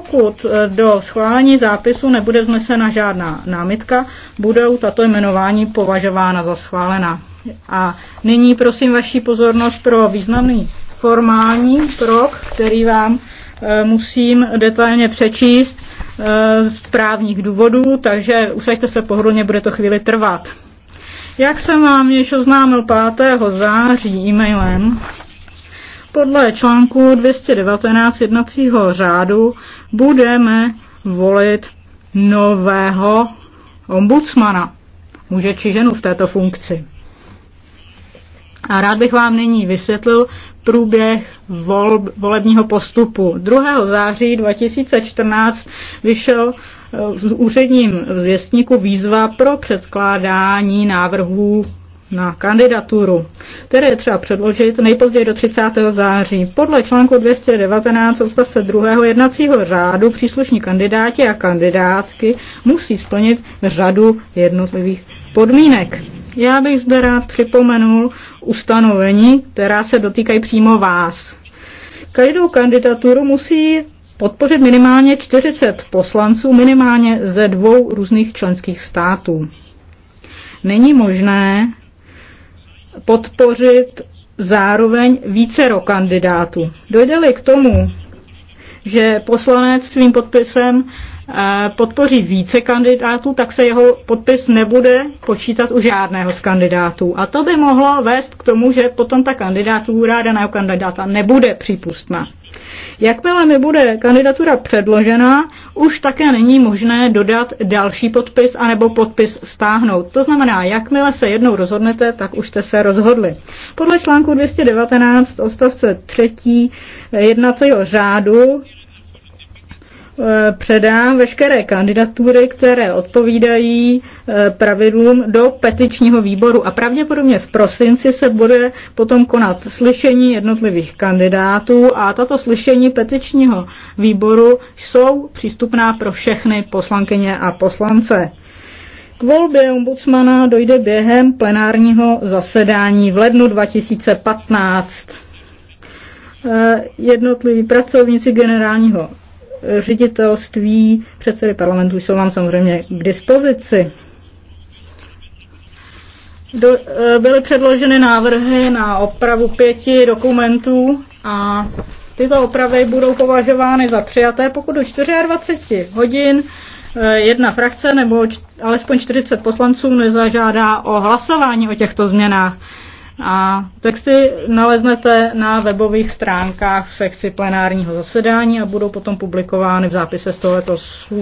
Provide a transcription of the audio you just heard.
Pokud eh, do schválení zápisu nebude vznesena žádná námitka, budou tato jmenování považována za schválená. A nyní prosím vaši pozornost pro významný formální krok, který vám eh, musím detailně přečíst eh, z právních důvodů, takže usaďte se pohodlně, bude to chvíli trvat. Jak jsem vám již oznámil 5. září e-mailem, podle článku 219 jednacího řádu budeme volit nového ombudsmana, muže či ženu v této funkci. A rád bych vám nyní vysvětlil průběh volb volebního postupu. 2. září 2014 vyšel eh, v úředním věstníku výzva pro předkládání návrhů na kandidaturu které je třeba předložit nejpozději do 30. září. Podle článku 219 odstavce 2. jednacího řádu příslušní kandidáti a kandidátky musí splnit řadu jednotlivých podmínek. Já bych zde rád připomenul ustanovení, která se dotýkají přímo vás. Každou kandidaturu musí podpořit minimálně 40 poslanců minimálně ze dvou různých členských států. Není možné podpořit zároveň vícero kandidátů. Dojde-li k tomu, že poslanec svým podpisem eh, podpoří více kandidátů, tak se jeho podpis nebude počítat u žádného z kandidátů. A to by mohlo vést k tomu, že potom ta kandidatura daného kandidáta nebude přípustná. Jakmile mi bude kandidatura předložena, už také není možné dodat další podpis anebo podpis stáhnout. To znamená, jakmile se jednou rozhodnete, tak už jste se rozhodli. Podle článku 219 odstavce 3 jednacího řádu Eh, předám veškeré kandidatury, které odpovídají eh, pravidlům do petičního výboru. A pravděpodobně v prosinci se bude potom konat slyšení jednotlivých kandidátů a tato slyšení petičního výboru jsou přístupná pro všechny poslankyně a poslance. K volbě ombudsmana dojde během plenárního zasedání v lednu 2015 eh, jednotliví pracovníci generálního ředitelství předsedy parlamentu jsou vám samozřejmě k dispozici. Do, e, byly předloženy návrhy na opravu pěti dokumentů a tyto opravy budou považovány za přijaté, pokud do 24 hodin e, jedna frakce nebo alespoň 40 poslanců nezažádá o hlasování o těchto změnách. A texty naleznete na webových stránkách v sekci plenárního zasedání a budou potom publikovány v zápise z tohoto schůze.